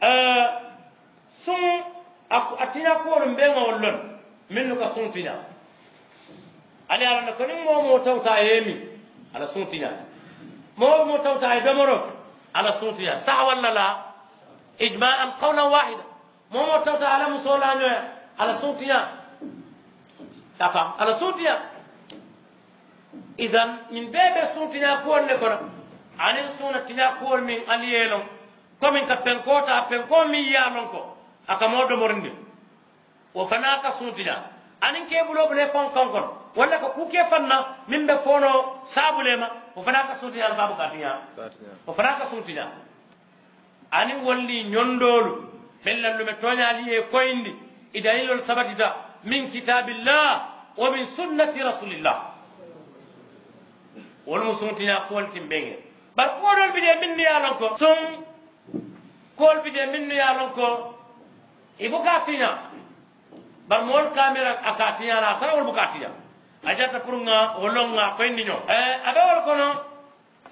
sun a tina korin bai ma wallon min nuka sun tina ali ala na kanin mo mo tauta yemi ala sun tina mo mo tauta ay damaro ala sun tina sa walla la ijma'an qawlan wahida mo mo tauta ala musola no ala sun tina tafa ala sun tina idan min bebe sun tina ko ne kono anin sunna tina ko min aliyelo komin ka penkota penko mi ya lon ko aka modo morinde wo fana ka suntiya anin ke bulo bule fon konkon walla ko kuke fanna min be fono sabulema o fana ka suntiya al babu katiya o fana ka suntiya anin wolli nyondolu min lallume toñali e koyndi i dalilol sabatita min kitabillah wa min sunnati rasulillah wonmo suntiya kuwontin ɓe ge bar koɗol mbiɗe min mbiya lon ko son kol bide minnu ya lon ko ibuka tinya bar mol kamera akatinya la tara wol buka tinya ajata purunga wolonga ko indinyo eh abe wol kono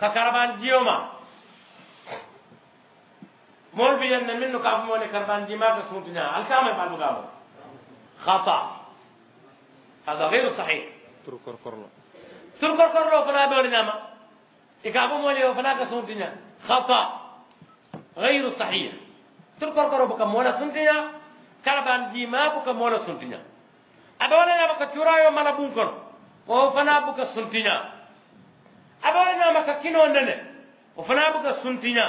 ka karaban dioma mol bide na minnu ka fumo ne karaban dima ka suntunya al kamay bal buka mo khata هذا غير صحيح تركر كرلو تركر كرلو فلا بيولي نعمة إكابو مولي وفلا كسونتنا خطأ غير صحيح تلقر كرو بك مولا سنتيا كربان ديما بك مولا سنتيا أبولا يا بك ترايو مالا بونكر وهو فنا بك سنتيا أبولا يا بك كينو ننه وفنا بك سنتيا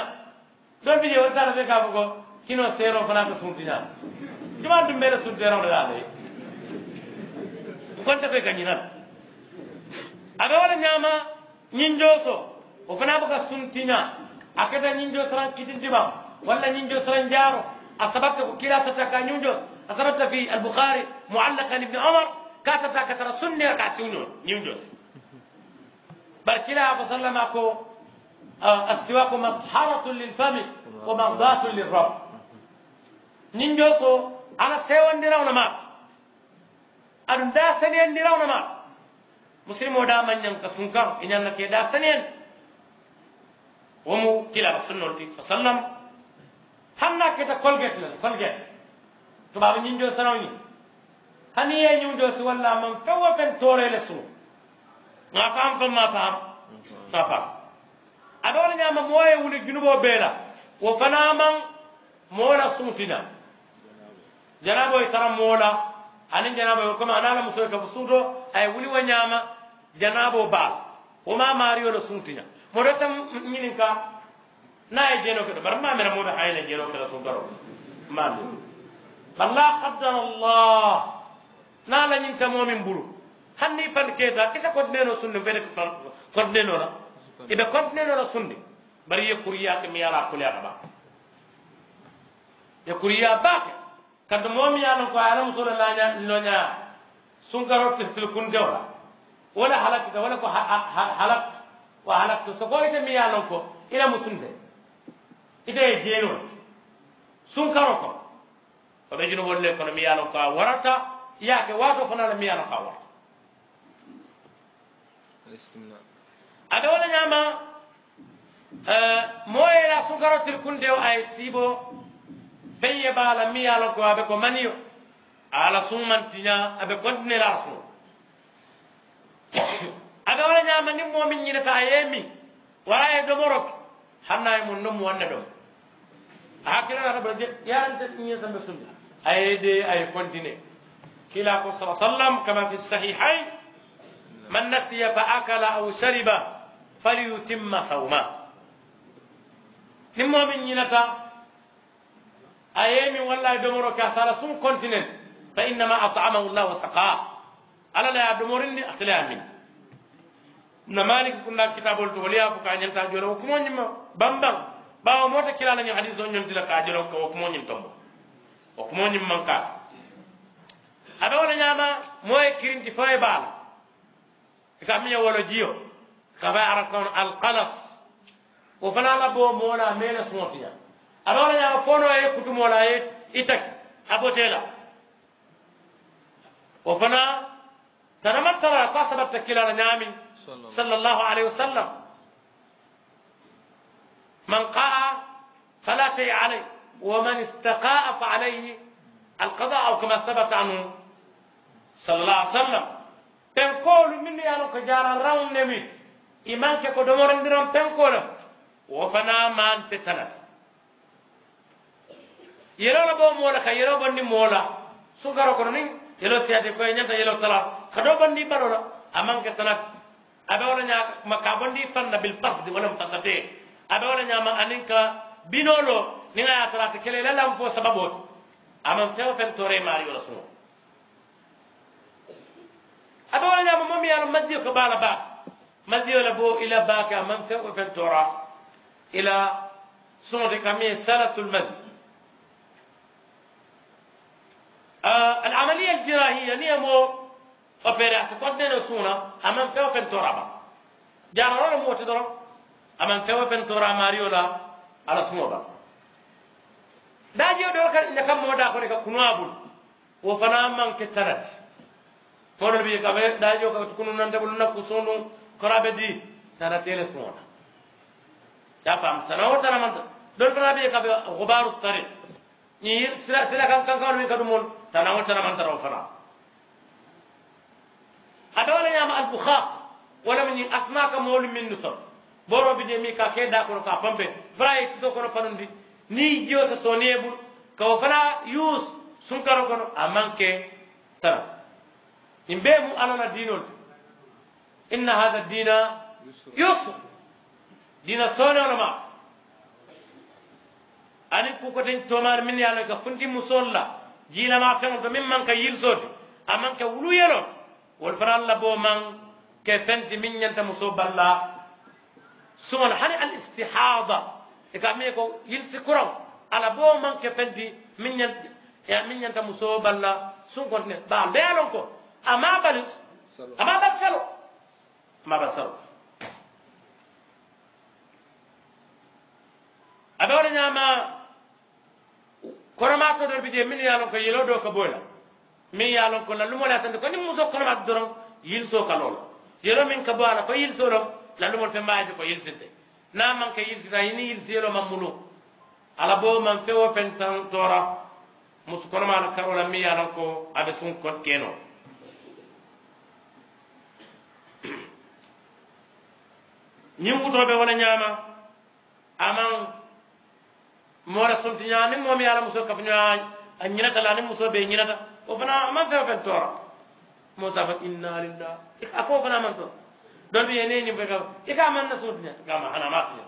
دول بيجي وانتار فيك أبوكو كينو سيرو فنا بك سنتيا جمال دمبيرا سنتيا رمضا عليه وكنت فيك نينات أبولا يا ما نينجوسو وفنا بك سنتيا akata ñinjo saran kitintima ولا نينجو سرنجارو أصبت كلا تتكا نينجو أصبت في البخاري معلقا ابن عمر كاتبتا كتر سنة كاسيونو نينجو بل كلا أبو سلم أكو آه، السواك مطهرة للفم ومرضاة للرب نينجو سو على سيوان ديراونا مات أدن دا سنين ديراونا مات مسلم ودا من ينكسنكم إن أنك دا سنين ومو كلا رسولنا صلى الله عليه وسلم هنا كده كل جت لنا كل جت تبعو نينجو سنوني هني أي نينجو سوى الله من كوا فين توري لسو ما فهم فما فهم ما فهم نعم. أدور إني أما نعم موي ولي جنوب بيلا وفنا من مولا سوتنا جنابه يترم مولا أنا جنابه يقول أنا لا مسوي كفسودو أي ولي ونيامة جنابه بال وما ماريو لسوتنا مرسم منك نايه جنو كده برما من مو بحاين جنو كده سوبر ما له بلا قدر الله نا لا نيمتا مومن برو خني فان كيدا كيسا كود نينو سن فيرك كود نينو لا ايبا كود نينو لا سن بري يكوريا كميا لا كوليا با يكوريا با كد مومن يانو كو عالم سور لا نيا لو نيا سونكارو في الكون ولا حلقت ولا كو حلقت wa halaktu soko ite mi ye a lon ko ila musunte ite ye jeenol sunkaro ko o ɓe junubol le kono mi ye a lon ko a warata yaake waato fana la mi ye a lon ko a warata ade wala ñama moo ye la sunkarotir kundew a ye siibo feŋ ye baa la mi ye a lon ko a ɓe ko maniyo a ala sumantiña a ɓe continue la a suŋ ñama ni momi ñinata a yemi wala ye domorok hanna ye mun nomu wanna dom a hakkilanata bala yarante ñinata mbe sunna aye de aye continue kila ko sa sallam kama fi sahihain man nasiya fa akala aw shariba falyutimma sawma ni momi ñinata a yemi walla ye domoro ke a sala sun continent fa innama atamahu llah wa saqaa ala la ya domorindi akila ya min na malik kunna kitabol to waliya fuka nyel ta joro ko mon nyima bambang bawo mota kilala ni hadith on nyol dila ka joro ko ko mon nyim tombo o ko mon nyim manka ada wala nyama moy kirinti fay bala ka miya wala jiyo ka ba arakon al qalas o fana la bo mola mena smotiya ada wala nyama fono e kutu mola e itak abotela o fana tanamattara qasabat kilala nyamin صلى الله عليه وسلم من قاء فلا شيء عليه ومن استقاء فعليه القضاء أو كما ثبت عنه صلى الله عليه وسلم تنقول مني أنا كجار الرون نبي إيمان كقدمور إندرام تنقول وفنا ما أنت ثلاث يلو لبو مولا خي بني مولا سكر كرنين يلو سيادة كوي يلو تلا خدو بني برولا أمان كثلاث abe wala ñaka ma ka bondi fanna bil fasdi wala fasate abe wala ñama anin ka binolo ni nga yatarata kele la lam fo sababot aman fewo fen tore mari wala suno abe wala ñama mom yar masjid ko bala ba masjid wala bo ila baka man fewo fen tora ila suno de kami salatul masjid آه العملية الجراحية نيمو opéré a si kontene suuna aman fewo fen toraba jamarolo mooti doron aman fewo fen tora mario la ala sunoba daajio ɗo kan ne kam moda kone ka kunoabul wo fana manke tanati koɗo mbi kaɓe daajio ka kunu nandeɓol nakku sondum koraɓe di tanatele sunoda ya fam tanawo tanamanta ɗon fana mbi kaɓe hubaru tari ñi sila kan kankaɗo min kaɗumol tanawo tanamantara o fana ku khaf wala min asma ka molu min nusor boro bi de mi ka ke da ko ka pampe fara yi so ko fanan bi ni jiyo sa sonebu ka fara yus sun karo kono amanke tara imbe mu alana dinol إن هذا الدين يسر دين سونا ونما أني كوكتين تومار مني على كفنتي مصلى جيلا ما فهمت ممن كيل صوتي أمن كولو يلوت wol fanan labo man ke fenti min ñanta muso balla sumon hani al istihada e ka mi ko yilsi kuraw ala bo man ke fenti min ñanta ya min ñanta muso balla sun kontine ba leelon ko ama bali ama bal salo ama bal salo aɓe wona ñama koromato ɗon bije min yalon ko yelo ɗo ko boyla min ye a lon ko la lumol ye a sante ko niŋ musoo konoma doroŋ yilisoo ka loo la yelo miŋ ka bo a la fo yilisoo loŋ la lumol feŋ maa ye ko yilisinte niŋ a maŋ ke yilisita ni yilisi yelo maŋ mulu ala bo maŋ feŋ wo feŋ taŋ toora musu konoma la karoo la miŋ ye a lon ko a be suŋ keenoo ñiŋ wutoo be wo le ñaama amaŋ moo la suntiñaa niŋ moo miŋ ye a la musoo kafuñoa a ñinata la niŋ musoo be ñinata o fana man fɛn o fɛn tɔɔra musa fa inna lillah a ko fana man tɔɔrɔ dɔ bɛ yen ne ye nin bɛɛ kɛ i k'a man na sun diɲɛ k'a ma ana ma tiɲɛ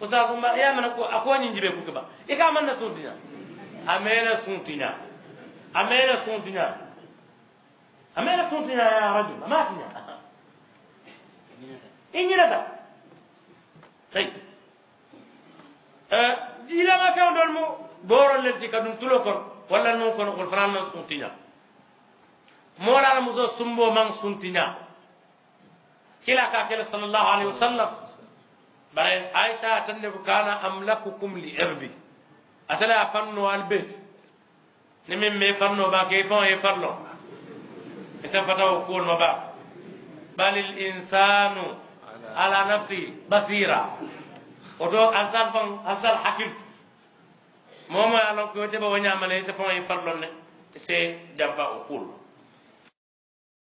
o sa sunba i y'a mɛn ko a ko nin jibe ko kaba i k'a man na sun diɲɛ a mɛɛrɛ sun tiɲɛ a mɛɛrɛ sun tiɲɛ a mɛɛrɛ sun tiɲɛ ya rajo a ma tiɲɛ i ɲinɛ ta tayi ɛɛ jilama fɛnw dɔ mu bɔɔrɔ lɛ ti ka dun tulo kɔrɔ walla non kono kol fana man suntiña moolala muso sumbo man suntiña kila ka kele sallallahu alaihi wasallam bare aisha tande ko kana amlakukum li irbi atala fanno albe ne min me fanno ba ke fon e farlo e sa fata o ko no ba balil insanu ala nafsi basira oto azal ban azal hakim momo ye a lon kuyote ɓe wo ñamale ite fo ye farlonne se jampa o kuulu